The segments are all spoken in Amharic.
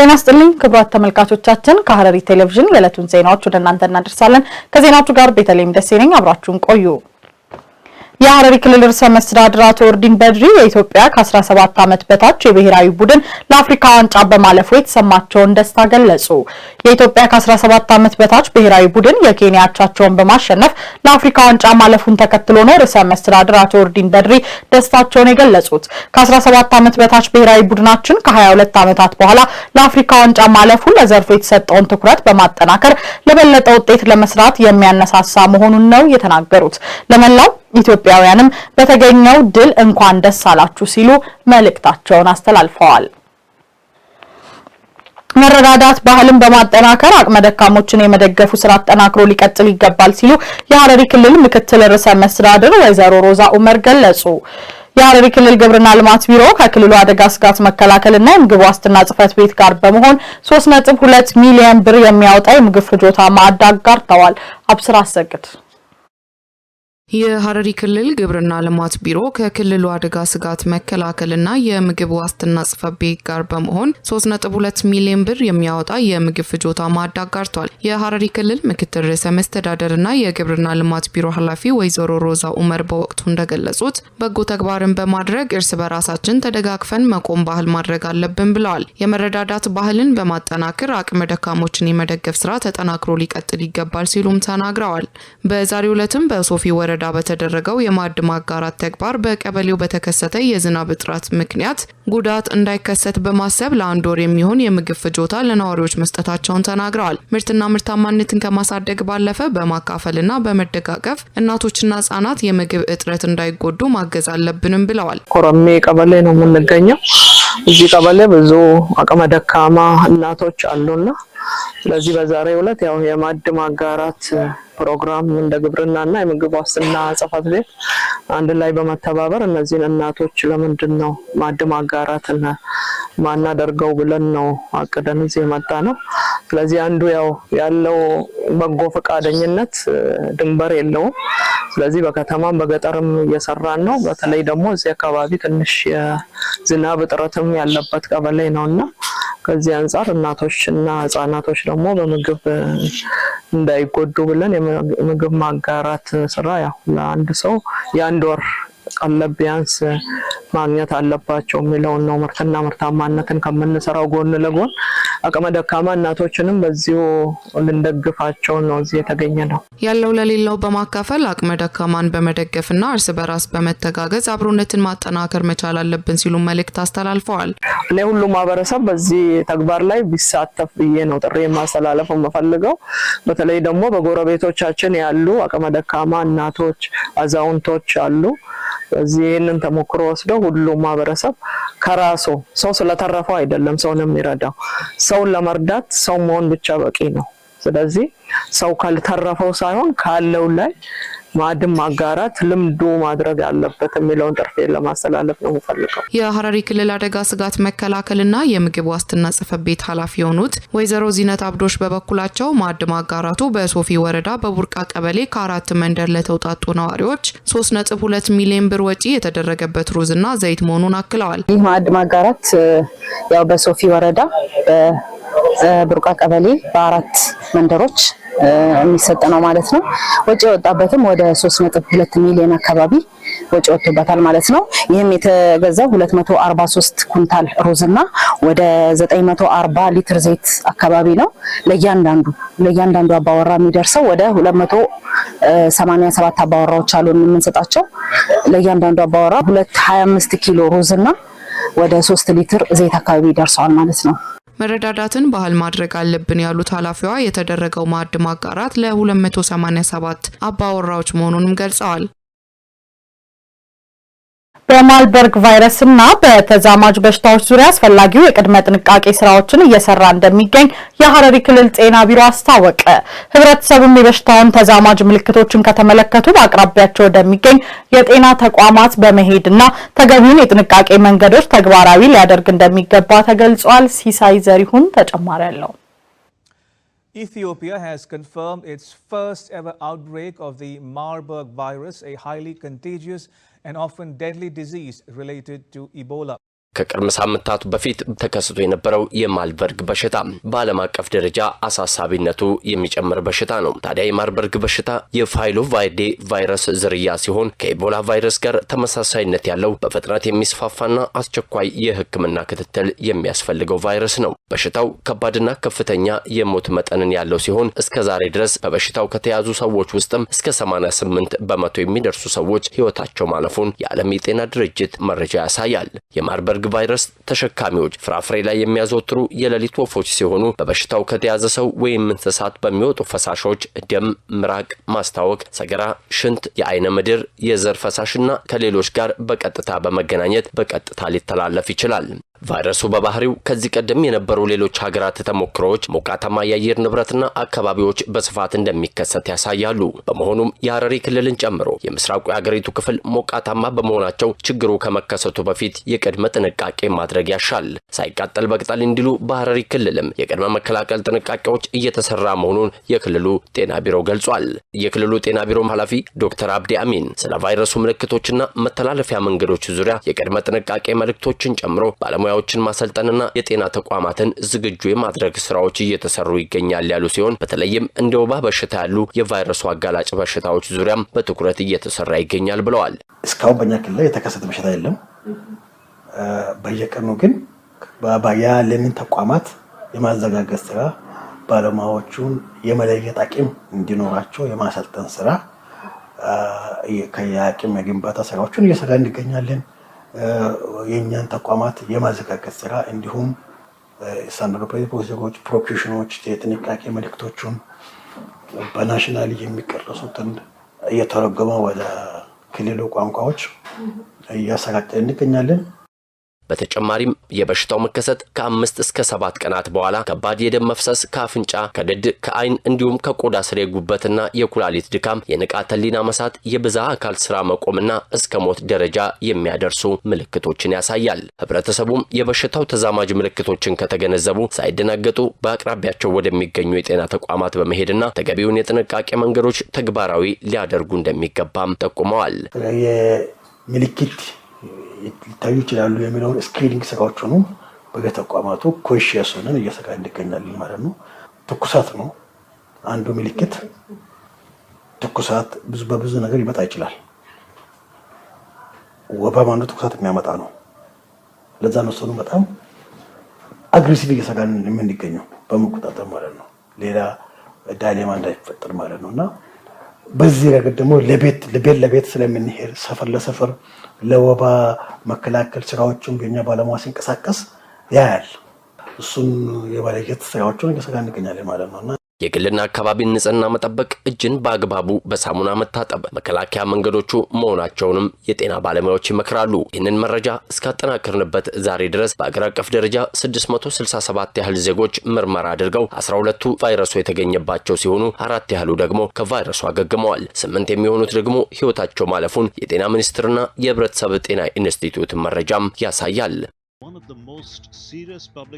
ጤና ስጥልኝ ክቡራት ተመልካቾቻችን፣ ከሐረሪ ቴሌቪዥን የዕለቱን ዜናዎች ወደ እናንተ እናደርሳለን። ከዜናዎቹ ጋር ቤተልሔም ደሴ ነኝ። አብራችሁን ቆዩ። የሐረሪ ክልል ርዕሰ መስተዳድር አቶ ኦርዲን በድሪ የኢትዮጵያ ከ17 ዓመት በታች የብሔራዊ ቡድን ለአፍሪካ ዋንጫ በማለፉ የተሰማቸውን ደስታ ገለጹ። የኢትዮጵያ ከ17 ዓመት በታች ብሔራዊ ቡድን የኬንያ አቻቸውን በማሸነፍ ለአፍሪካ ዋንጫ ማለፉን ተከትሎ ነው ርዕሰ መስተዳድር አቶ ኦርዲን በድሪ ደስታቸውን የገለጹት። ከ17 ዓመት በታች ብሔራዊ ቡድናችን ከ22 ዓመታት በኋላ ለአፍሪካ ዋንጫ ማለፉ ለዘርፉ የተሰጠውን ትኩረት በማጠናከር ለበለጠ ውጤት ለመስራት የሚያነሳሳ መሆኑን ነው የተናገሩት። ለመላው ኢትዮጵያውያንም በተገኘው ድል እንኳን ደስ አላችሁ ሲሉ መልእክታቸውን አስተላልፈዋል። መረዳዳት ባህልን በማጠናከር አቅመ ደካሞችን የመደገፉ ስራ አጠናክሮ ሊቀጥል ይገባል ሲሉ የሀረሪ ክልል ምክትል ርዕሰ መስተዳድር ወይዘሮ ሮዛ ኡመር ገለጹ። የሀረሪ ክልል ግብርና ልማት ቢሮ ከክልሉ አደጋ ስጋት መከላከልና የምግብ ዋስትና ጽህፈት ቤት ጋር በመሆን ሁለት ሚሊዮን ብር የሚያወጣ የምግብ ፍጆታ ማዕድ አጋርተዋል። አብስራ አሰግድ የሐረሪ ክልል ግብርና ልማት ቢሮ ከክልሉ አደጋ ስጋት መከላከልና የምግብ ዋስትና ጽፈት ቤት ጋር በመሆን 3.2 ሚሊዮን ብር የሚያወጣ የምግብ ፍጆታ ማዕድ አጋርቷል። የሐረሪ ክልል ምክትል ርዕሰ መስተዳደርና የግብርና ልማት ቢሮ ኃላፊ ወይዘሮ ሮዛ ኡመር በወቅቱ እንደገለጹት በጎ ተግባርን በማድረግ እርስ በራሳችን ተደጋግፈን መቆም ባህል ማድረግ አለብን ብለዋል። የመረዳዳት ባህልን በማጠናከር አቅመ ደካሞችን የመደገፍ ስራ ተጠናክሮ ሊቀጥል ይገባል ሲሉም ተናግረዋል። በዛሬው ዕለትም በሶፊ ወረ ወረዳ በተደረገው የማዕድ ማጋራት ተግባር በቀበሌው በተከሰተ የዝናብ እጥረት ምክንያት ጉዳት እንዳይከሰት በማሰብ ለአንድ ወር የሚሆን የምግብ ፍጆታ ለነዋሪዎች መስጠታቸውን ተናግረዋል። ምርትና ምርታማነትን ከማሳደግ ባለፈ በማካፈልና በመደጋገፍ እናቶችና ህጻናት የምግብ እጥረት እንዳይጎዱ ማገዝ አለብንም ብለዋል። ኮረሜ ቀበሌ ነው የምንገኘው። እዚህ ቀበሌ ብዙ አቅመ ደካማ እናቶች አሉና ስለዚህ በዛሬው ዕለት ያው የማዕድ ማጋራት ፕሮግራም እንደ ግብርናና የምግብ ዋስትና ጽሕፈት ቤት አንድ ላይ በመተባበር እነዚህን እናቶች ለምንድን ነው ማዕድ ማጋራት ማናደርገው ብለን ነው አቅደን እዚህ የመጣ ነው። ስለዚህ አንዱ ያው ያለው በጎ ፈቃደኝነት ድንበር የለውም። ስለዚህ በከተማም በገጠርም እየሰራን ነው። በተለይ ደግሞ እዚህ አካባቢ ትንሽ የዝናብ እጥረትም ያለበት ቀበሌ ነው እና ከዚህ አንጻር እናቶች እና ህጻናቶች ደግሞ በምግብ እንዳይጎዱ ብለን የምግብ ማጋራት ስራ ያው ለአንድ ሰው የአንድ ወር ቀለብ ቢያንስ ማግኘት አለባቸው የሚለውን ነው። ምርትና ምርታማነትን ከምንሰራው ጎን ለጎን አቅመ ደካማ እናቶችንም በዚሁ ልንደግፋቸው ነው እዚህ የተገኘ ነው። ያለው ለሌለው በማካፈል አቅመ ደካማን በመደገፍና እርስ በራስ በመተጋገዝ አብሮነትን ማጠናከር መቻል አለብን ሲሉ መልእክት አስተላልፈዋል። እኔ ሁሉ ማህበረሰብ በዚህ ተግባር ላይ ቢሳተፍ ብዬ ነው ጥሪ ማስተላለፍ የምፈልገው። በተለይ ደግሞ በጎረቤቶቻችን ያሉ አቅመ ደካማ እናቶች፣ አዛውንቶች አሉ። እዚህ ይህንን ተሞክሮ ወስደው ሁሉም ማህበረሰብ ከራሱ ሰው ስለተረፈው አይደለም ሰውን የሚረዳው ሰውን ለመርዳት ሰው መሆን ብቻ በቂ ነው። ስለዚህ ሰው ካልተረፈው ሳይሆን ካለው ላይ ማዕድን ማጋራት ልምዱ ማድረግ አለበት የሚለውን ጥርፌን ለማስተላለፍ ነው የምፈልገው። የሀረሪ ክልል አደጋ ስጋት መከላከልና የምግብ ዋስትና ጽህፈት ቤት ኃላፊ የሆኑት ወይዘሮ ዚነት አብዶሽ በበኩላቸው ማዕድ ማጋራቱ በሶፊ ወረዳ በቡርቃ ቀበሌ ከአራት መንደር ለተውጣጡ ነዋሪዎች 3.2 ሚሊዮን ብር ወጪ የተደረገበት ሩዝና ዘይት መሆኑን አክለዋል። ይህ ማዕድ ማጋራት ያው በሶፊ ወረዳ በቡርቃ ቀበሌ በአራት መንደሮች የሚሰጥ ነው ማለት ነው። ወጪ የወጣበትም ወደ 3.2 ሚሊዮን አካባቢ ወጪ ወጥቶበታል ማለት ነው። ይህም የተገዛው 243 ኩንታል ሩዝና ወደ 940 ሊትር ዘይት አካባቢ ነው። ለእያንዳንዱ ለእያንዳንዱ አባወራ የሚደርሰው ወደ 287 አባወራዎች አሉ የምንሰጣቸው። ለእያንዳንዱ አባወራ 225 ኪሎ ሩዝና ወደ 3 ሊትር ዘይት አካባቢ ደርሰዋል ማለት ነው። መረዳዳትን ባህል ማድረግ አለብን ያሉት ኃላፊዋ የተደረገው ማዕድ ማጋራት ለ287 አባወራዎች መሆኑንም ገልጸዋል። በማልበርግ ቫይረስ እና በተዛማጅ በሽታዎች ዙሪያ አስፈላጊው የቅድመ ጥንቃቄ ስራዎችን እየሰራ እንደሚገኝ የሐረሪ ክልል ጤና ቢሮ አስታወቀ። ህብረተሰቡም የበሽታውን ተዛማጅ ምልክቶችን ከተመለከቱ በአቅራቢያቸው ወደሚገኝ የጤና ተቋማት በመሄድ እና ተገቢውን የጥንቃቄ መንገዶች ተግባራዊ ሊያደርግ እንደሚገባ ተገልጿል። ሲሳይ ዘሪሁን ተጨማሪ አለው። Ethiopia has confirmed its first ever outbreak of the Marburg virus, a highly contagious and often deadly disease related to Ebola. ከቅርብ ሳምንታቱ በፊት ተከስቶ የነበረው የማልበርግ በሽታ በዓለም አቀፍ ደረጃ አሳሳቢነቱ የሚጨምር በሽታ ነው። ታዲያ የማልበርግ በሽታ የፋይሎቫይዴ ቫይረስ ዝርያ ሲሆን ከኢቦላ ቫይረስ ጋር ተመሳሳይነት ያለው በፍጥነት የሚስፋፋና አስቸኳይ የሕክምና ክትትል የሚያስፈልገው ቫይረስ ነው። በሽታው ከባድና ከፍተኛ የሞት መጠንን ያለው ሲሆን እስከ ዛሬ ድረስ በበሽታው ከተያዙ ሰዎች ውስጥም እስከ 88 በመቶ የሚደርሱ ሰዎች ሕይወታቸው ማለፉን የዓለም የጤና ድርጅት መረጃ ያሳያል። የማርበርግ የማርበርግ ቫይረስ ተሸካሚዎች ፍራፍሬ ላይ የሚያዘወትሩ የሌሊት ወፎች ሲሆኑ በበሽታው ከተያዘ ሰው ወይም እንስሳት በሚወጡ ፈሳሾች ደም፣ ምራቅ፣ ማስታወክ፣ ሰገራ፣ ሽንት፣ የአይነ ምድር፣ የዘር ፈሳሽና ከሌሎች ጋር በቀጥታ በመገናኘት በቀጥታ ሊተላለፍ ይችላል። ቫይረሱ በባህሪው ከዚህ ቀደም የነበሩ ሌሎች ሀገራት ተሞክሮዎች ሞቃታማ የአየር ንብረትና አካባቢዎች በስፋት እንደሚከሰት ያሳያሉ። በመሆኑም የሀረሪ ክልልን ጨምሮ የምስራቁ የሀገሪቱ ክፍል ሞቃታማ በመሆናቸው ችግሩ ከመከሰቱ በፊት የቅድመ ጥንቃቄ ማድረግ ያሻል። ሳይቃጠል በቅጠል እንዲሉ በሀረሪ ክልልም የቅድመ መከላከል ጥንቃቄዎች እየተሰራ መሆኑን የክልሉ ጤና ቢሮ ገልጿል። የክልሉ ጤና ቢሮ ኃላፊ ዶክተር አብዲ አሚን ስለ ቫይረሱ ምልክቶችና መተላለፊያ መንገዶች ዙሪያ የቅድመ ጥንቃቄ መልእክቶችን ጨምሮ ባለሙ ባለሙያዎችን ማሰልጠንና የጤና ተቋማትን ዝግጁ የማድረግ ስራዎች እየተሰሩ ይገኛል ያሉ ሲሆን በተለይም እንደ ወባ በሽታ ያሉ የቫይረሱ አጋላጭ በሽታዎች ዙሪያም በትኩረት እየተሰራ ይገኛል ብለዋል። እስካሁን በእኛ ክልል የተከሰተ በሽታ የለም። በየቀኑ ግን ለምን ተቋማት የማዘጋጀት ስራ ባለሙያዎቹን የመለየት አቅም እንዲኖራቸው የማሰልጠን ስራ የአቅም የግንባታ ስራዎችን እየሰራ እንገኛለን። የእኛን ተቋማት የማዘጋገት ስራ እንዲሁም ስታንዳርድ ፕሮሲጀሮች፣ ፕሮኪሽኖች የጥንቃቄ መልእክቶቹን በናሽናል የሚቀረሱትን እየተረጎመ ወደ ክልሉ ቋንቋዎች እያሰራጨ እንገኛለን። በተጨማሪም የበሽታው መከሰት ከአምስት እስከ ሰባት ቀናት በኋላ ከባድ የደም መፍሰስ ከአፍንጫ፣ ከድድ፣ ከአይን እንዲሁም ከቆዳ ስር የጉበትና የኩላሊት ድካም፣ የንቃተ ህሊና መሳት፣ የብዛ አካል ስራ መቆምና እስከ ሞት ደረጃ የሚያደርሱ ምልክቶችን ያሳያል። ህብረተሰቡም የበሽታው ተዛማጅ ምልክቶችን ከተገነዘቡ ሳይደናገጡ በአቅራቢያቸው ወደሚገኙ የጤና ተቋማት በመሄድና ተገቢውን የጥንቃቄ መንገዶች ተግባራዊ ሊያደርጉ እንደሚገባም ጠቁመዋል። ምልክት ሊታዩ ይችላሉ የሚለውን ስክሪኒንግ ስራዎቹኑ ሆኑ በየተቋማቱ ኮንሽየስ ሆነን እየሰራን እንገኛለን ማለት ነው። ትኩሳት ነው አንዱ ምልክት። ትኩሳት በብዙ ነገር ሊመጣ ይችላል። ወባም አንዱ ትኩሳት የሚያመጣ ነው። ለዛ ነው ሰኑ በጣም አግሬሲቭ እየሰጋን የምንገኘው በመቆጣጠር ማለት ነው። ሌላ ዳይሌማ እንዳይፈጠር ማለት ነው እና በዚህ ረገድ ደግሞ ለቤት ለቤት ስለምንሄድ ሰፈር ለሰፈር ለወባ መከላከል ስራዎችን የኛ ባለሙያ ሲንቀሳቀስ ያያል። እሱን የባለጀት ስራዎችን እየሰራ እንገኛለን ማለት ነው። የግልና አካባቢን ንጽህና መጠበቅ፣ እጅን በአግባቡ በሳሙና መታጠብ መከላከያ መንገዶቹ መሆናቸውንም የጤና ባለሙያዎች ይመክራሉ። ይህንን መረጃ እስካጠናከርንበት ዛሬ ድረስ በአገር አቀፍ ደረጃ 667 ያህል ዜጎች ምርመራ አድርገው 12ቱ ቫይረሱ የተገኘባቸው ሲሆኑ አራት ያህሉ ደግሞ ከቫይረሱ አገግመዋል። ስምንት የሚሆኑት ደግሞ ሕይወታቸው ማለፉን የጤና ሚኒስቴርና የህብረተሰብ ጤና ኢንስቲትዩት መረጃም ያሳያል።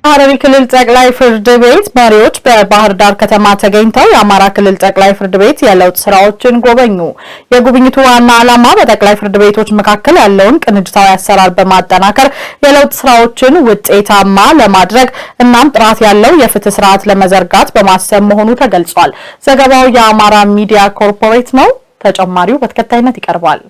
ሐረሪ ክልል ጠቅላይ ፍርድ ቤት መሪዎች በባህር ዳር ከተማ ተገኝተው የአማራ ክልል ጠቅላይ ፍርድ ቤት የለውጥ ስራዎችን ጎበኙ። የጉብኝቱ ዋና ዓላማ በጠቅላይ ፍርድ ቤቶች መካከል ያለውን ቅንጅታዊ አሰራር በማጠናከር የለውጥ ስራዎችን ውጤታማ ለማድረግ እናም ጥራት ያለው የፍትህ ስርዓት ለመዘርጋት በማሰብ መሆኑ ተገልጿል። ዘገባው የአማራ ሚዲያ ኮርፖሬት ነው። ተጨማሪው በተከታይነት ይቀርባል።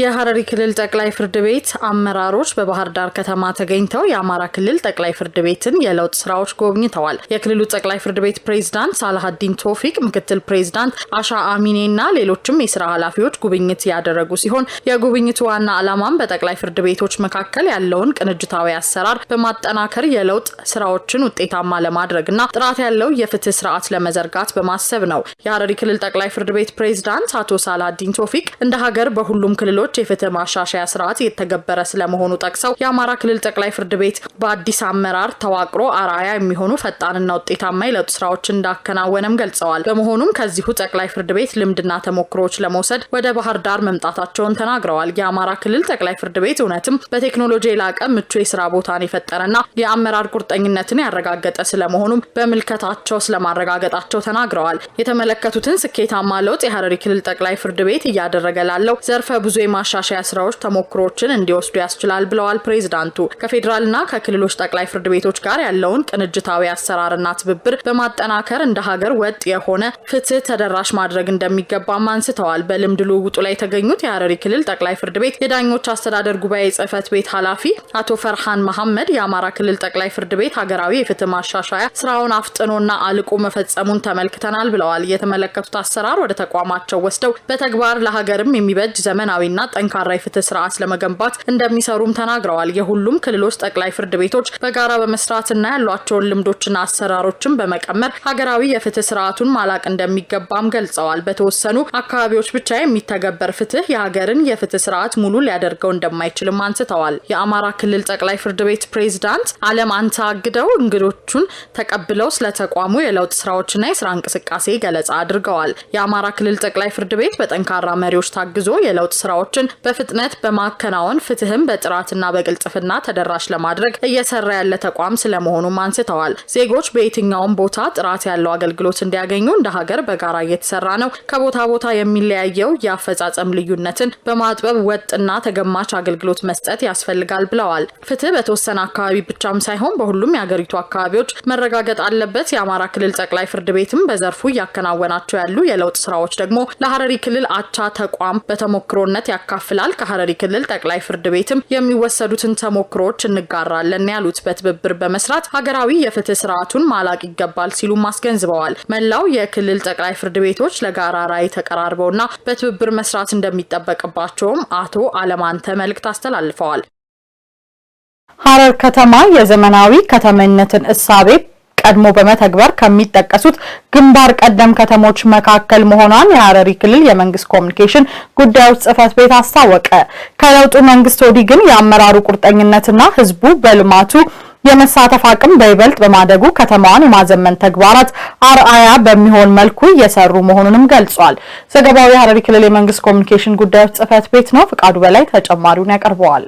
የሐረሪ ክልል ጠቅላይ ፍርድ ቤት አመራሮች በባህር ዳር ከተማ ተገኝተው የአማራ ክልል ጠቅላይ ፍርድ ቤትን የለውጥ ስራዎች ጎብኝተዋል። የክልሉ ጠቅላይ ፍርድ ቤት ፕሬዝዳንት ሳላሀዲን ቶፊቅ፣ ምክትል ፕሬዝዳንት አሻ አሚኔ ና ሌሎችም የስራ ኃላፊዎች ጉብኝት ያደረጉ ሲሆን የጉብኝቱ ዋና ዓላማም በጠቅላይ ፍርድ ቤቶች መካከል ያለውን ቅንጅታዊ አሰራር በማጠናከር የለውጥ ስራዎችን ውጤታማ ለማድረግና ጥራት ያለው የፍትህ ስርዓት ለመዘርጋት በማሰብ ነው። የሐረሪ ክልል ጠቅላይ ፍርድ ቤት ፕሬዝዳንት አቶ ሳላሀዲን ቶፊቅ እንደ ሀገር በሁሉም ክልሎች ክልሎች የፍትህ ማሻሻያ ስርዓት የተገበረ ስለመሆኑ ጠቅሰው የአማራ ክልል ጠቅላይ ፍርድ ቤት በአዲስ አመራር ተዋቅሮ አርአያ የሚሆኑ ፈጣንና ውጤታማ የለውጥ ስራዎች እንዳከናወነም ገልጸዋል። በመሆኑም ከዚሁ ጠቅላይ ፍርድ ቤት ልምድና ተሞክሮዎች ለመውሰድ ወደ ባህር ዳር መምጣታቸውን ተናግረዋል። የአማራ ክልል ጠቅላይ ፍርድ ቤት እውነትም በቴክኖሎጂ የላቀ ምቹ የስራ ቦታን የፈጠረና የአመራር ቁርጠኝነትን ያረጋገጠ ስለመሆኑም በምልከታቸው ስለማረጋገጣቸው ተናግረዋል። የተመለከቱትን ስኬታማ ለውጥ የሀረሪ ክልል ጠቅላይ ፍርድ ቤት እያደረገ ላለው ዘርፈ ብዙ የማሻሻያ ስራዎች ተሞክሮችን እንዲወስዱ ያስችላል ብለዋል ፕሬዚዳንቱ። ከፌዴራልና ከክልሎች ጠቅላይ ፍርድ ቤቶች ጋር ያለውን ቅንጅታዊ አሰራርና ትብብር በማጠናከር እንደ ሀገር ወጥ የሆነ ፍትህ ተደራሽ ማድረግ እንደሚገባም አንስተዋል። በልምድ ልውውጡ ላይ የተገኙት የሀረሪ ክልል ጠቅላይ ፍርድ ቤት የዳኞች አስተዳደር ጉባኤ ጽህፈት ቤት ኃላፊ አቶ ፈርሃን መሐመድ የአማራ ክልል ጠቅላይ ፍርድ ቤት ሀገራዊ የፍትህ ማሻሻያ ስራውን አፍጥኖና አልቆ መፈጸሙን ተመልክተናል ብለዋል። የተመለከቱት አሰራር ወደ ተቋማቸው ወስደው በተግባር ለሀገርም የሚበጅ ዘመናዊና ጠንካራ የፍትህ ስርዓት ለመገንባት እንደሚሰሩም ተናግረዋል። የሁሉም ክልሎች ጠቅላይ ፍርድ ቤቶች በጋራ በመስራትና ያሏቸውን ልምዶችና አሰራሮችን በመቀመር ሀገራዊ የፍትህ ስርዓቱን ማላቅ እንደሚገባም ገልጸዋል። በተወሰኑ አካባቢዎች ብቻ የሚተገበር ፍትህ የሀገርን የፍትህ ስርዓት ሙሉ ሊያደርገው እንደማይችልም አንስተዋል። የአማራ ክልል ጠቅላይ ፍርድ ቤት ፕሬዝዳንት አለም አንተ አግደው እንግዶቹን ተቀብለው ስለተቋሙ የለውጥ ስራዎችና የስራ እንቅስቃሴ ገለጻ አድርገዋል። የአማራ ክልል ጠቅላይ ፍርድ ቤት በጠንካራ መሪዎች ታግዞ የለውጥ ስራዎች ስራዎችን በፍጥነት በማከናወን ፍትህም በጥራትና በቅልጥፍና ተደራሽ ለማድረግ እየሰራ ያለ ተቋም ስለመሆኑም አንስተዋል። ዜጎች በየትኛውም ቦታ ጥራት ያለው አገልግሎት እንዲያገኙ እንደ ሀገር በጋራ እየተሰራ ነው። ከቦታ ቦታ የሚለያየው የአፈጻጸም ልዩነትን በማጥበብ ወጥና ተገማች አገልግሎት መስጠት ያስፈልጋል ብለዋል። ፍትህ በተወሰነ አካባቢ ብቻም ሳይሆን በሁሉም የሀገሪቱ አካባቢዎች መረጋገጥ አለበት። የአማራ ክልል ጠቅላይ ፍርድ ቤትም በዘርፉ እያከናወናቸው ያሉ የለውጥ ስራዎች ደግሞ ለሀረሪ ክልል አቻ ተቋም በተሞክሮነት ያካፍላል። ከሀረሪ ክልል ጠቅላይ ፍርድ ቤትም የሚወሰዱትን ተሞክሮዎች እንጋራለን ያሉት በትብብር በመስራት ሀገራዊ የፍትህ ስርዓቱን ማላቅ ይገባል ሲሉም አስገንዝበዋል። መላው የክልል ጠቅላይ ፍርድ ቤቶች ለጋራ ራዕይ ተቀራርበውና በትብብር መስራት እንደሚጠበቅባቸውም አቶ አለማንተ መልእክት አስተላልፈዋል። ሀረር ከተማ የዘመናዊ ከተማነትን እሳቤ ቀድሞ በመተግበር ከሚጠቀሱት ግንባር ቀደም ከተሞች መካከል መሆኗን የሀረሪ ክልል የመንግስት ኮሚኒኬሽን ጉዳዮች ጽህፈት ቤት አስታወቀ። ከለውጡ መንግስት ወዲህ ግን የአመራሩ ቁርጠኝነትና ህዝቡ በልማቱ የመሳተፍ አቅም በይበልጥ በማደጉ ከተማዋን የማዘመን ተግባራት አርአያ በሚሆን መልኩ እየሰሩ መሆኑንም ገልጿል። ዘገባው የሀረሪ ክልል የመንግስት ኮሚኒኬሽን ጉዳዮች ጽህፈት ቤት ነው። ፍቃዱ በላይ ተጨማሪውን ያቀርበዋል።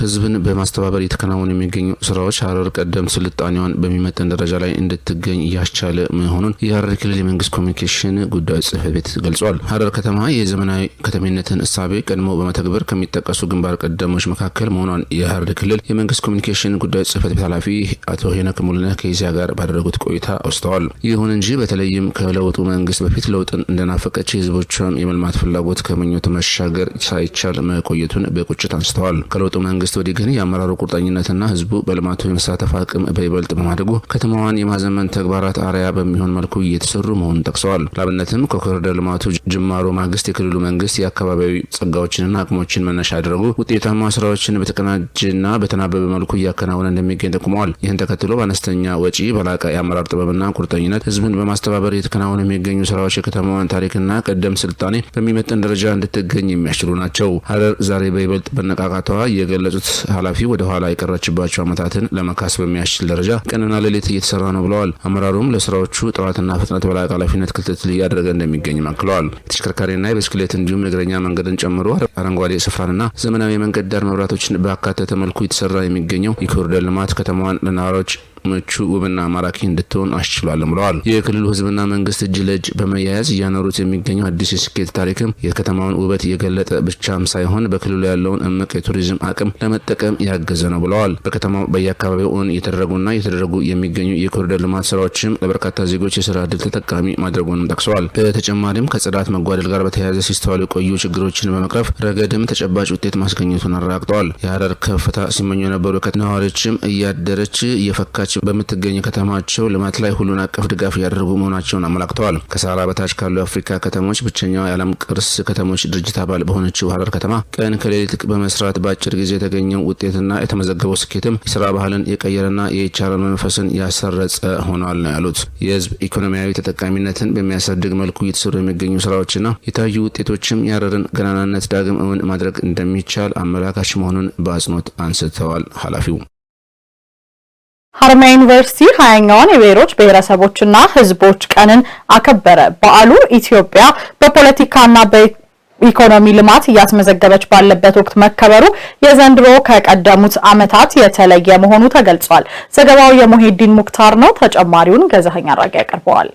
ህዝብን በማስተባበር የተከናወኑ የሚገኙ ስራዎች ሀረር ቀደም ስልጣኔዋን በሚመጠን ደረጃ ላይ እንድትገኝ እያስቻለ መሆኑን የሀረር ክልል የመንግስት ኮሚኒኬሽን ጉዳዮች ጽህፈት ቤት ገልጿል። ሀረር ከተማ የዘመናዊ ከተሜነትን እሳቤ ቀድሞ በመተግበር ከሚጠቀሱ ግንባር ቀደሞች መካከል መሆኗን የሀረር ክልል የመንግስት ኮሚኒኬሽን ጉዳዮች ጽህፈት ቤት ኃላፊ አቶ ሄነክ ሙሉነህ ከዚያ ጋር ባደረጉት ቆይታ አውስተዋል። ይሁን እንጂ በተለይም ከለውጡ መንግስት በፊት ለውጥን እንደናፈቀች የህዝቦቿም የመልማት ፍላጎት ከምኞት መሻገር ሳይቻል መቆየቱን በቁጭት አንስተዋል። ከለውጡ መንግስት ወዲህ ግን የአመራሩ ቁርጠኝነትና ህዝቡ በልማቱ የመሳተፍ አቅም በይበልጥ በማደጉ ከተማዋን የማዘመን ተግባራት አርያ በሚሆን መልኩ እየተሰሩ መሆኑን ጠቅሰዋል። ላብነትም ከኮሪደር ልማቱ ጅማሮ ማግስት የክልሉ መንግስት የአካባቢያዊ ጸጋዎችንና አቅሞችን መነሻ ያደረጉ ውጤታማ ስራዎችን በተቀናጀና በተናበበ መልኩ እያከናወነ እንደሚገኝ ጠቁመዋል። ይህን ተከትሎ በአነስተኛ ወጪ በላቀ የአመራር ጥበብና ቁርጠኝነት ህዝብን በማስተባበር እየተከናወኑ የሚገኙ ስራዎች የከተማዋን ታሪክና ቀደም ስልጣኔ በሚመጠን ደረጃ እንድትገኝ የሚያስችሉ ናቸው። ሀረር ዛሬ በይበልጥ በነቃቃቷ የገለ የገለጹት ኃላፊ ወደ ኋላ የቀረችባቸው ዓመታትን ለመካስ በሚያስችል ደረጃ ቀንና ሌሊት እየተሰራ ነው ብለዋል። አመራሩም ለስራዎቹ ጥራትና ፍጥነት በላቅ ኃላፊነት ክትትል እያደረገ እንደሚገኝ አክለዋል። የተሽከርካሪና የብስክሌት እንዲሁም የእግረኛ መንገድን ጨምሮ አረንጓዴ ስፍራንና ዘመናዊ የመንገድ ዳር መብራቶችን በአካተተ መልኩ የተሰራ የሚገኘው የኮሪደር ልማት ከተማዋን ለነዋሪዎች ምቹ ውብና ማራኪ እንድትሆን አስችሏልም ብለዋል። የክልሉ ህዝብና መንግስት እጅ ለእጅ በመያያዝ እያኖሩት የሚገኘው አዲስ የስኬት ታሪክም የከተማውን ውበት የገለጠ ብቻም ሳይሆን በክልሉ ያለውን እምቅ የቱሪዝም አቅም ለመጠቀም ያገዘ ነው ብለዋል። በከተማው በየአካባቢው እውን እየተደረጉና እየተደረጉ የሚገኙ የኮሪደር ልማት ስራዎችም ለበርካታ ዜጎች የስራ እድል ተጠቃሚ ማድረጉንም ጠቅሰዋል። በተጨማሪም ከጽዳት መጓደል ጋር በተያያዘ ሲስተዋሉ የቆዩ ችግሮችን በመቅረፍ ረገድም ተጨባጭ ውጤት ማስገኘቱን አረጋግጠዋል። የሀረር ከፍታ ሲመኙ የነበሩ ነዋሪዎችም እያደረች እየፈካች ሀገራችን በምትገኝ ከተማቸው ልማት ላይ ሁሉን አቀፍ ድጋፍ እያደረጉ መሆናቸውን አመላክተዋል። ከሳራ በታች ካሉ የአፍሪካ ከተሞች ብቸኛዋ የዓለም ቅርስ ከተሞች ድርጅት አባል በሆነችው ሀረር ከተማ ቀን ከሌሊት በመስራት በአጭር ጊዜ የተገኘው ውጤትና የተመዘገበው ስኬትም የስራ ባህልን የቀየረና የይቻላል መንፈስን ያሰረጸ ሆኗል ነው ያሉት። የህዝብ ኢኮኖሚያዊ ተጠቃሚነትን በሚያሳድግ መልኩ እየተሰሩ የሚገኙ ስራዎችና የታዩ ውጤቶችም የሀረርን ገናናነት ዳግም እውን ማድረግ እንደሚቻል አመላካች መሆኑን በአጽንኦት አንስተዋል ኃላፊው። ሀረማያ ዩኒቨርሲቲ ሀያኛውን የብሔሮች ብሔረሰቦችና ሕዝቦች ቀንን አከበረ። በዓሉ ኢትዮጵያ በፖለቲካና ኢኮኖሚ ልማት እያስመዘገበች ባለበት ወቅት መከበሩ የዘንድሮ ከቀደሙት ዓመታት የተለየ መሆኑ ተገልጿል። ዘገባው የሙሄዲን ሙክታር ነው። ተጨማሪውን ገዛኸኝ አድራጊ ያቀርበዋል።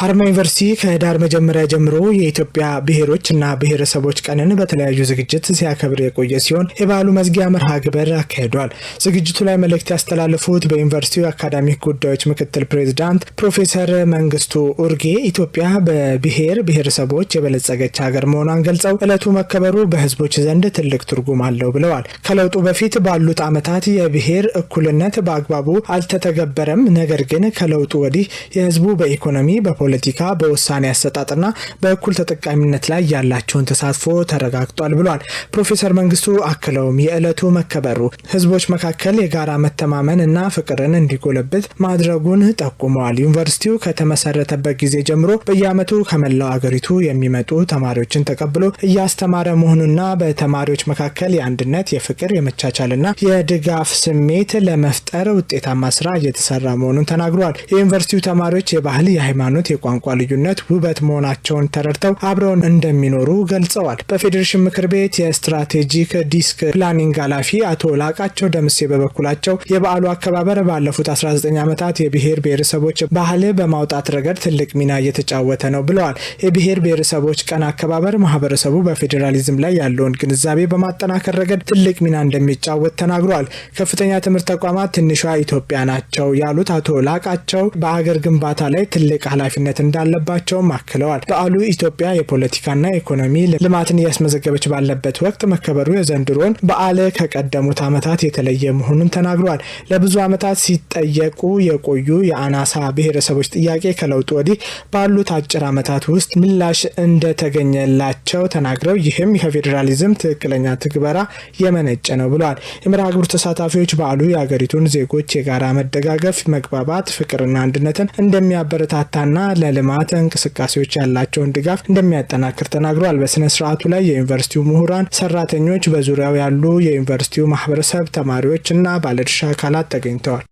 ሀረማ ዩኒቨርሲቲ ከህዳር መጀመሪያ ጀምሮ የኢትዮጵያ ብሔሮች እና ብሔረሰቦች ቀንን በተለያዩ ዝግጅት ሲያከብር የቆየ ሲሆን የበዓሉ መዝጊያ መርሃ ግብር አካሂዷል። ዝግጅቱ ላይ መልእክት ያስተላለፉት በዩኒቨርሲቲው የአካዳሚክ ጉዳዮች ምክትል ፕሬዚዳንት ፕሮፌሰር መንግስቱ ኡርጌ ኢትዮጵያ በብሔር ብሔረሰቦች የበለጸገች ሀገር መሆኗን ገልጸው እለቱ መከበሩ በህዝቦች ዘንድ ትልቅ ትርጉም አለው ብለዋል። ከለውጡ በፊት ባሉት ዓመታት የብሔር እኩልነት በአግባቡ አልተተገበረም። ነገር ግን ከለውጡ ወዲህ የህዝቡ በኢኮኖሚ በፖ ፖለቲካ በውሳኔ አሰጣጥና በእኩል ተጠቃሚነት ላይ ያላቸውን ተሳትፎ ተረጋግጧል ብሏል። ፕሮፌሰር መንግስቱ አክለውም የዕለቱ መከበሩ ህዝቦች መካከል የጋራ መተማመን እና ፍቅርን እንዲጎለብት ማድረጉን ጠቁመዋል። ዩኒቨርሲቲው ከተመሰረተበት ጊዜ ጀምሮ በየዓመቱ ከመላው አገሪቱ የሚመጡ ተማሪዎችን ተቀብሎ እያስተማረ መሆኑና በተማሪዎች መካከል የአንድነት፣ የፍቅር፣ የመቻቻልና የድጋፍ ስሜት ለመፍጠር ውጤታማ ስራ እየተሰራ መሆኑን ተናግረዋል። የዩኒቨርሲቲው ተማሪዎች የባህል፣ የሃይማኖት የቋንቋ ልዩነት ውበት መሆናቸውን ተረድተው አብረውን እንደሚኖሩ ገልጸዋል። በፌዴሬሽን ምክር ቤት የስትራቴጂክ ዲስክ ፕላኒንግ ኃላፊ አቶ ላቃቸው ደምሴ በበኩላቸው የበዓሉ አከባበር ባለፉት 19 ዓመታት የብሔር ብሔረሰቦች ባህል በማውጣት ረገድ ትልቅ ሚና እየተጫወተ ነው ብለዋል። የብሔር ብሔረሰቦች ቀን አከባበር ማህበረሰቡ በፌዴራሊዝም ላይ ያለውን ግንዛቤ በማጠናከር ረገድ ትልቅ ሚና እንደሚጫወት ተናግሯል። ከፍተኛ ትምህርት ተቋማት ትንሿ ኢትዮጵያ ናቸው ያሉት አቶ ላቃቸው በአገር ግንባታ ላይ ትልቅ ኃላፊነት ኃላፊነት እንዳለባቸውም አክለዋል። በዓሉ ኢትዮጵያ የፖለቲካና የኢኮኖሚ ልማትን እያስመዘገበች ባለበት ወቅት መከበሩ የዘንድሮን በዓል ከቀደሙት ዓመታት የተለየ መሆኑን ተናግረዋል። ለብዙ ዓመታት ሲጠየቁ የቆዩ የአናሳ ብሔረሰቦች ጥያቄ ከለውጡ ወዲህ ባሉት አጭር ዓመታት ውስጥ ምላሽ እንደተገኘላቸው ተናግረው ይህም የፌዴራሊዝም ትክክለኛ ትግበራ የመነጨ ነው ብለዋል። የመርሃ ግብሩ ተሳታፊዎች በዓሉ የአገሪቱን ዜጎች የጋራ መደጋገፍ፣ መግባባት፣ ፍቅርና አንድነትን እንደሚያበረታታና ለልማት እንቅስቃሴዎች ያላቸውን ድጋፍ እንደሚያጠናክር ተናግሯል። በስነ ስርዓቱ ላይ የዩኒቨርሲቲው ምሁራን፣ ሰራተኞች፣ በዙሪያው ያሉ የዩኒቨርሲቲው ማህበረሰብ፣ ተማሪዎች እና ባለድርሻ አካላት ተገኝተዋል።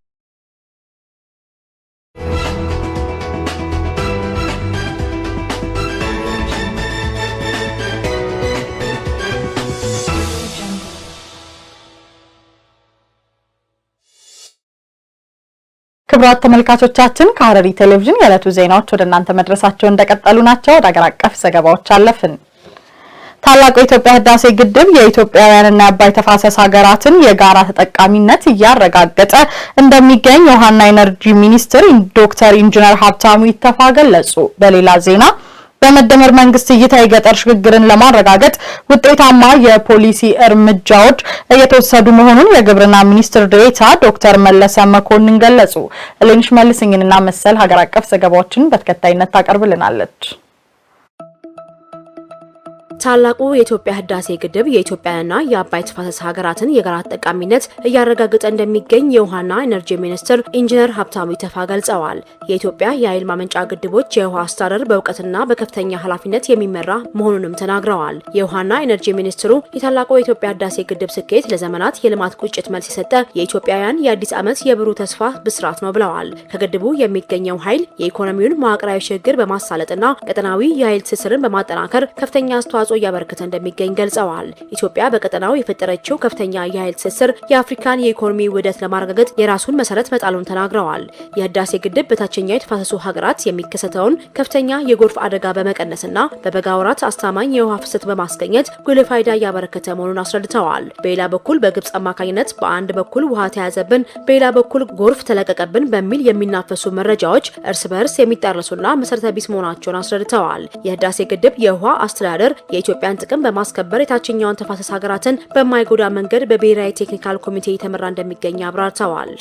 ክብራት ተመልካቾቻችን ከሐረሪ ቴሌቪዥን የዕለቱ ዜናዎች ወደ እናንተ መድረሳቸው እንደቀጠሉ ናቸው። ወደ አገር አቀፍ ዘገባዎች አለፍን። ታላቁ የኢትዮጵያ ህዳሴ ግድብ የኢትዮጵያውያንና የአባይ ተፋሰስ ሀገራትን የጋራ ተጠቃሚነት እያረጋገጠ እንደሚገኝ የውሃና ኢነርጂ ሚኒስትር ዶክተር ኢንጂነር ሀብታሙ ኢተፋ ገለጹ። በሌላ ዜና በመደመር መንግስት እይታ የገጠር ሽግግርን ለማረጋገጥ ውጤታማ የፖሊሲ እርምጃዎች እየተወሰዱ መሆኑን የግብርና ሚኒስትር ዴኤታ ዶክተር መለሰ መኮንን ገለጹ። ሌንሽ መልስ እኝንና መሰል ሀገር አቀፍ ዘገባዎችን በተከታይነት ታቀርብልናለች። ታላቁ የኢትዮጵያ ህዳሴ ግድብ የኢትዮጵያንና የአባይ ተፋሰስ ሀገራትን የጋራ ተጠቃሚነት እያረጋገጠ እንደሚገኝ የውሃና ኤነርጂ ሚኒስትር ኢንጂነር ሀብታሙ ኢተፋ ገልጸዋል። የኢትዮጵያ የኃይል ማመንጫ ግድቦች የውሃ አስተዳደር በእውቀትና በከፍተኛ ኃላፊነት የሚመራ መሆኑንም ተናግረዋል። የውሃና ኤነርጂ ሚኒስትሩ የታላቁ የኢትዮጵያ ህዳሴ ግድብ ስኬት ለዘመናት የልማት ቁጭት መልስ የሰጠ የኢትዮጵያውያን የአዲስ ዓመት የብሩህ ተስፋ ብስራት ነው ብለዋል። ከግድቡ የሚገኘው ኃይል የኢኮኖሚውን መዋቅራዊ ችግር በማሳለጥና ቀጠናዊ የኃይል ትስስርን በማጠናከር ከፍተኛ አስተዋጽኦ አስተዋጽኦ እያበረከተ እንደሚገኝ ገልጸዋል። ኢትዮጵያ በቀጠናው የፈጠረችው ከፍተኛ የኃይል ትስስር የአፍሪካን የኢኮኖሚ ውህደት ለማረጋገጥ የራሱን መሰረት መጣሉን ተናግረዋል። የህዳሴ ግድብ በታችኛው የተፋሰሱ ሀገራት የሚከሰተውን ከፍተኛ የጎርፍ አደጋ በመቀነስና በበጋ ወራት አስተማማኝ የውሃ ፍሰት በማስገኘት ጉልህ ፋይዳ እያበረከተ መሆኑን አስረድተዋል። በሌላ በኩል በግብፅ አማካኝነት በአንድ በኩል ውሃ ተያዘብን፣ በሌላ በኩል ጎርፍ ተለቀቀብን በሚል የሚናፈሱ መረጃዎች እርስ በርስ የሚጣረሱና መሰረተ ቢስ መሆናቸውን አስረድተዋል። የህዳሴ ግድብ የውሃ አስተዳደር የኢትዮጵያን ጥቅም በማስከበር የታችኛውን ተፋሰስ ሀገራትን በማይጎዳ መንገድ በብሔራዊ ቴክኒካል ኮሚቴ እየተመራ እንደሚገኝ አብራርተዋል።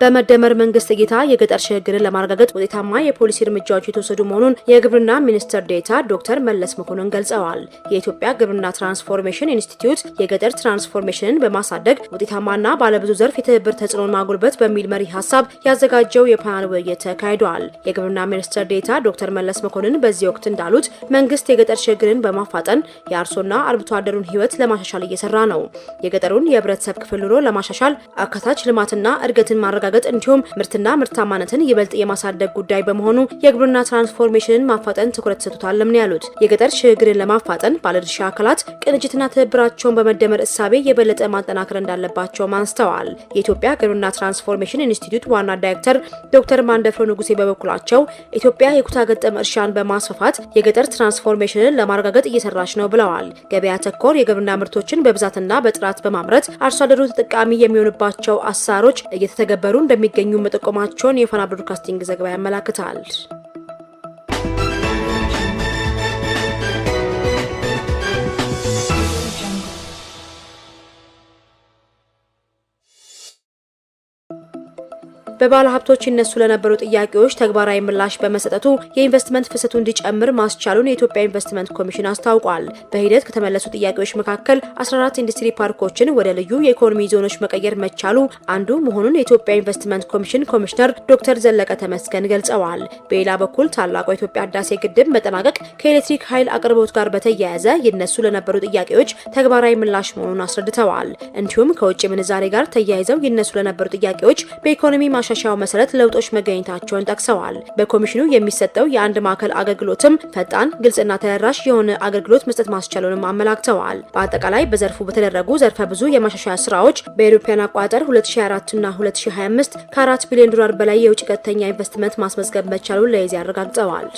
በመደመር መንግስት እይታ የገጠር ሽግግርን ለማረጋገጥ ውጤታማ የፖሊሲ እርምጃዎች የተወሰዱ መሆኑን የግብርና ሚኒስትር ዴታ ዶክተር መለስ መኮንን ገልጸዋል። የኢትዮጵያ ግብርና ትራንስፎርሜሽን ኢንስቲትዩት የገጠር ትራንስፎርሜሽንን በማሳደግ ውጤታማና ባለብዙ ዘርፍ የትብብር ተጽዕኖን ማጉልበት በሚል መሪ ሀሳብ ያዘጋጀው የፓናል ውይይት ተካሂዷል። የግብርና ሚኒስትር ዴታ ዶክተር መለስ መኮንን በዚህ ወቅት እንዳሉት መንግስት የገጠር ሽግግርን በማፋጠን የአርሶና አርብቶ አደሩን ህይወት ለማሻሻል እየሰራ ነው። የገጠሩን የህብረተሰብ ክፍል ኑሮ ለማሻሻል አካታች ልማትና እድገትን ማረጋ ማረጋገጥ እንዲሁም ምርትና ምርታማነትን ይበልጥ የማሳደግ ጉዳይ በመሆኑ የግብርና ትራንስፎርሜሽንን ማፋጠን ትኩረት ሰጥቷል ነው ያሉት። የገጠር ሽግግርን ለማፋጠን ባለድርሻ አካላት ቅንጅትና ትብብራቸውን በመደመር እሳቤ የበለጠ ማጠናከር እንዳለባቸውም አንስተዋል። የኢትዮጵያ ግብርና ትራንስፎርሜሽን ኢንስቲትዩት ዋና ዳይሬክተር ዶክተር ማንደፍሮ ንጉሴ በበኩላቸው ኢትዮጵያ የኩታ ገጠም እርሻን በማስፋፋት የገጠር ትራንስፎርሜሽንን ለማረጋገጥ እየሰራች ነው ብለዋል። ገበያ ተኮር የግብርና ምርቶችን በብዛትና በጥራት በማምረት አርሶ አደሩ ተጠቃሚ የሚሆንባቸው አሰራሮች እየተተገበሩ እየተተገበሩ እንደሚገኙ መጠቆማቸውን የፋና ብሮድካስቲንግ ዘገባ ያመላክታል። በባለ ሀብቶች ይነሱ ለነበሩ ጥያቄዎች ተግባራዊ ምላሽ በመሰጠቱ የኢንቨስትመንት ፍሰቱ እንዲጨምር ማስቻሉን የኢትዮጵያ ኢንቨስትመንት ኮሚሽን አስታውቋል። በሂደት ከተመለሱ ጥያቄዎች መካከል 14 ኢንዱስትሪ ፓርኮችን ወደ ልዩ የኢኮኖሚ ዞኖች መቀየር መቻሉ አንዱ መሆኑን የኢትዮጵያ ኢንቨስትመንት ኮሚሽን ኮሚሽነር ዶክተር ዘለቀ ተመስገን ገልጸዋል። በሌላ በኩል ታላቁ የኢትዮጵያ ህዳሴ ግድብ መጠናቀቅ ከኤሌክትሪክ ኃይል አቅርቦት ጋር በተያያዘ ይነሱ ለነበሩ ጥያቄዎች ተግባራዊ ምላሽ መሆኑን አስረድተዋል። እንዲሁም ከውጭ ምንዛሬ ጋር ተያይዘው ይነሱ ለነበሩ ጥያቄዎች በኢኮኖሚ ማ ማሻሻያው መሰረት ለውጦች መገኘታቸውን ጠቅሰዋል። በኮሚሽኑ የሚሰጠው የአንድ ማዕከል አገልግሎትም ፈጣን፣ ግልጽና ተደራሽ የሆነ አገልግሎት መስጠት ማስቻሉንም አመላክተዋል። በአጠቃላይ በዘርፉ በተደረጉ ዘርፈ ብዙ የማሻሻያ ስራዎች በኢትዮጵያን አቆጣጠር 2024 እና 2025 ከ4 ቢሊዮን ዶላር በላይ የውጭ ቀጥተኛ ኢንቨስትመንት ማስመዝገብ መቻሉን ለይዜ አረጋግጠዋል።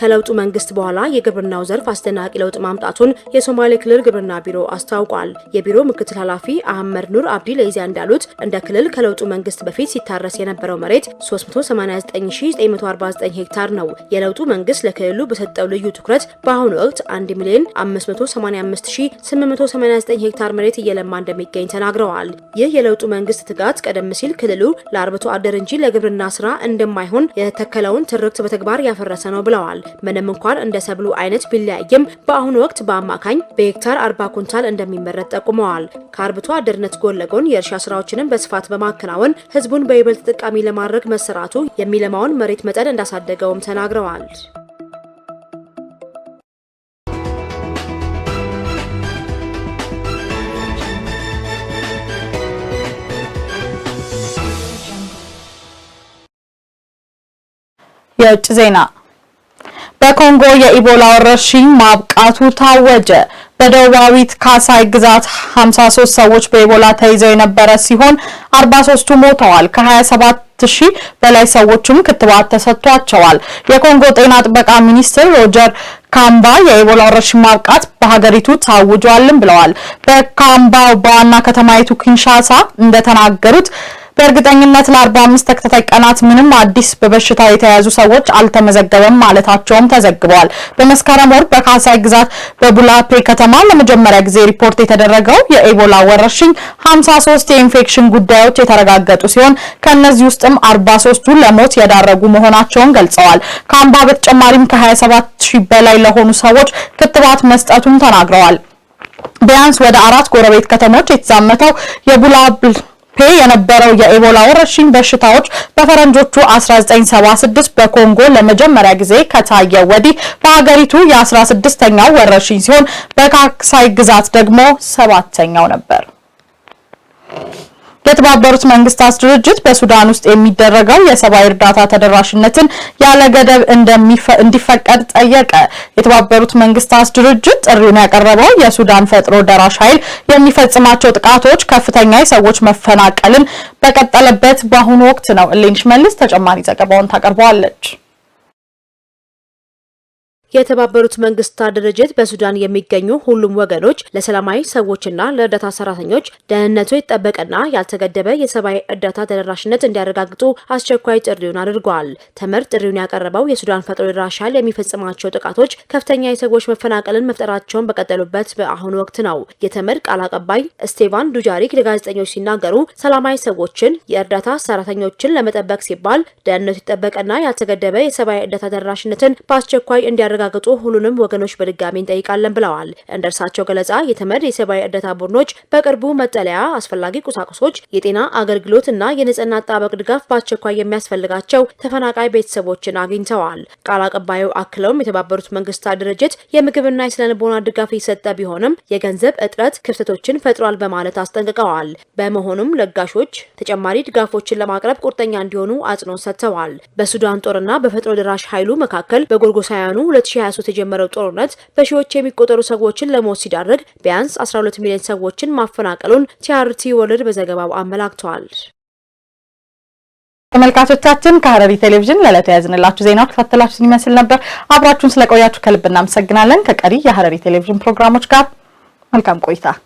ከለውጡ መንግስት በኋላ የግብርናው ዘርፍ አስደናቂ ለውጥ ማምጣቱን የሶማሌ ክልል ግብርና ቢሮ አስታውቋል። የቢሮ ምክትል ኃላፊ አህመድ ኑር አብዲ ለይዚያ እንዳሉት እንደ ክልል ከለውጡ መንግስት በፊት ሲታረስ የነበረው መሬት 389949 ሄክታር ነው። የለውጡ መንግስት ለክልሉ በሰጠው ልዩ ትኩረት በአሁኑ ወቅት 1 ሚሊዮን 585889 ሄክታር መሬት እየለማ እንደሚገኝ ተናግረዋል። ይህ የለውጡ መንግስት ትጋት ቀደም ሲል ክልሉ ለአርብቶ አደር እንጂ ለግብርና ስራ እንደማይሆን የተከለውን ትርክት በተግባር ያፈረሰ ነው ብለዋል። ምንም እንኳን እንደ ሰብሉ አይነት ቢለያይም በአሁኑ ወቅት በአማካኝ በሄክታር 40 ኩንታል እንደሚመረት ጠቁመዋል። ከአርብቶ አደርነት ጎን ለጎን የእርሻ ስራዎችንም በስፋት በማከናወን ህዝቡን በይበልጥ ተጠቃሚ ለማድረግ መሰራቱ የሚለማውን መሬት መጠን እንዳሳደገውም ተናግረዋል። የውጭ ዜና በኮንጎ የኢቦላ ወረርሽኝ ማብቃቱ ታወጀ። በደቡባዊት ካሳይ ግዛት 53 ሰዎች በኢቦላ ተይዘው የነበረ ሲሆን 43ቱ ሞተዋል። ከ27 ሺህ በላይ ሰዎችም ክትባት ተሰጥቷቸዋል። የኮንጎ ጤና ጥበቃ ሚኒስትር ሮጀር ካምባ የኢቦላ ወረርሽኝ ማብቃት በሀገሪቱ ታውጇልም ብለዋል። በካምባው በዋና ከተማይቱ ኪንሻሳ እንደተናገሩት በእርግጠኝነት ለ45 ተከታታይ ቀናት ምንም አዲስ በበሽታ የተያዙ ሰዎች አልተመዘገበም ማለታቸውም ተዘግበዋል። በመስከረም ወር በካሳይ ግዛት በቡላፔ ከተማ ለመጀመሪያ ጊዜ ሪፖርት የተደረገው የኤቦላ ወረርሽኝ 53 የኢንፌክሽን ጉዳዮች የተረጋገጡ ሲሆን ከነዚህ ውስጥም 43ቱ ለሞት የዳረጉ መሆናቸውን ገልጸዋል። ከአምባ በተጨማሪም ከ27 ሺህ በላይ ለሆኑ ሰዎች ክትባት መስጠቱን ተናግረዋል። ቢያንስ ወደ አራት ጎረቤት ከተሞች የተዛመተው የቡላብል የነበረው የኢቦላ ወረርሽኝ በሽታዎች በፈረንጆቹ 1976 በኮንጎ ለመጀመሪያ ጊዜ ከታየ ወዲህ በሀገሪቱ የ16ኛው ወረርሽኝ ሲሆን በካሳይ ግዛት ደግሞ ሰባተኛው ነበር። የተባበሩት መንግስታት ድርጅት በሱዳን ውስጥ የሚደረገው የሰብአዊ እርዳታ ተደራሽነትን ያለ ገደብ እንዲፈቀድ ጠየቀ። የተባበሩት መንግስታት ድርጅት ጥሪውን ያቀረበው የሱዳን ፈጥኖ ደራሽ ኃይል የሚፈጽማቸው ጥቃቶች ከፍተኛ የሰዎች መፈናቀልን በቀጠለበት በአሁኑ ወቅት ነው። እሌንሽ መልስ ተጨማሪ ዘገባውን ታቀርበዋለች። የተባበሩት መንግስታት ድርጅት በሱዳን የሚገኙ ሁሉም ወገኖች ለሰላማዊ ሰዎችና ለእርዳታ ሰራተኞች ደህንነቱ የተጠበቀና ያልተገደበ የሰብአዊ እርዳታ ተደራሽነት እንዲያረጋግጡ አስቸኳይ ጥሪውን አድርጓል። ተመድ ጥሪውን ያቀረበው የሱዳን ፈጥኖ ደራሽ ኃይል የሚፈጽማቸው ጥቃቶች ከፍተኛ የሰዎች መፈናቀልን መፍጠራቸውን በቀጠሉበት በአሁኑ ወቅት ነው። የተመድ ቃል አቀባይ ስቴቫን ዱጃሪክ ለጋዜጠኞች ሲናገሩ ሰላማዊ ሰዎችን፣ የእርዳታ ሰራተኞችን ለመጠበቅ ሲባል ደህንነቱ የተጠበቀና ያልተገደበ የሰብአዊ እርዳታ ተደራሽነትን በአስቸኳይ እንዲያ እንዲያረጋግጡ ሁሉንም ወገኖች በድጋሚ እንጠይቃለን ብለዋል። እንደ እርሳቸው ገለጻ የተመድ የሰብአዊ እርዳታ ቡድኖች በቅርቡ መጠለያ፣ አስፈላጊ ቁሳቁሶች፣ የጤና አገልግሎት እና የንጽህና አጣበቅ ድጋፍ በአስቸኳይ የሚያስፈልጋቸው ተፈናቃይ ቤተሰቦችን አግኝተዋል። ቃል አቀባዩ አክለውም የተባበሩት መንግስታት ድርጅት የምግብና የስነልቦና ድጋፍ እየሰጠ ቢሆንም የገንዘብ እጥረት ክፍተቶችን ፈጥሯል በማለት አስጠንቅቀዋል። በመሆኑም ለጋሾች ተጨማሪ ድጋፎችን ለማቅረብ ቁርጠኛ እንዲሆኑ አጽንኦት ሰጥተዋል። በሱዳን ጦርና በፈጥኖ ደራሽ ኃይሉ መካከል በጎርጎሳውያኑ 2023 የተጀመረው ጦርነት በሺዎች የሚቆጠሩ ሰዎችን ለሞት ሲዳርግ ቢያንስ 12 ሚሊዮን ሰዎችን ማፈናቀሉን ቲአርቲ ወርልድ በዘገባው አመላክተዋል። ተመልካቾቻችን ከሐረሪ ቴሌቪዥን ለዕለቱ ያዝንላችሁ ዜናው ተከታተላችሁን ይመስል ነበር። አብራችሁን ስለቆያችሁ ከልብ እናመሰግናለን። ከቀሪ የሐረሪ ቴሌቪዥን ፕሮግራሞች ጋር መልካም ቆይታ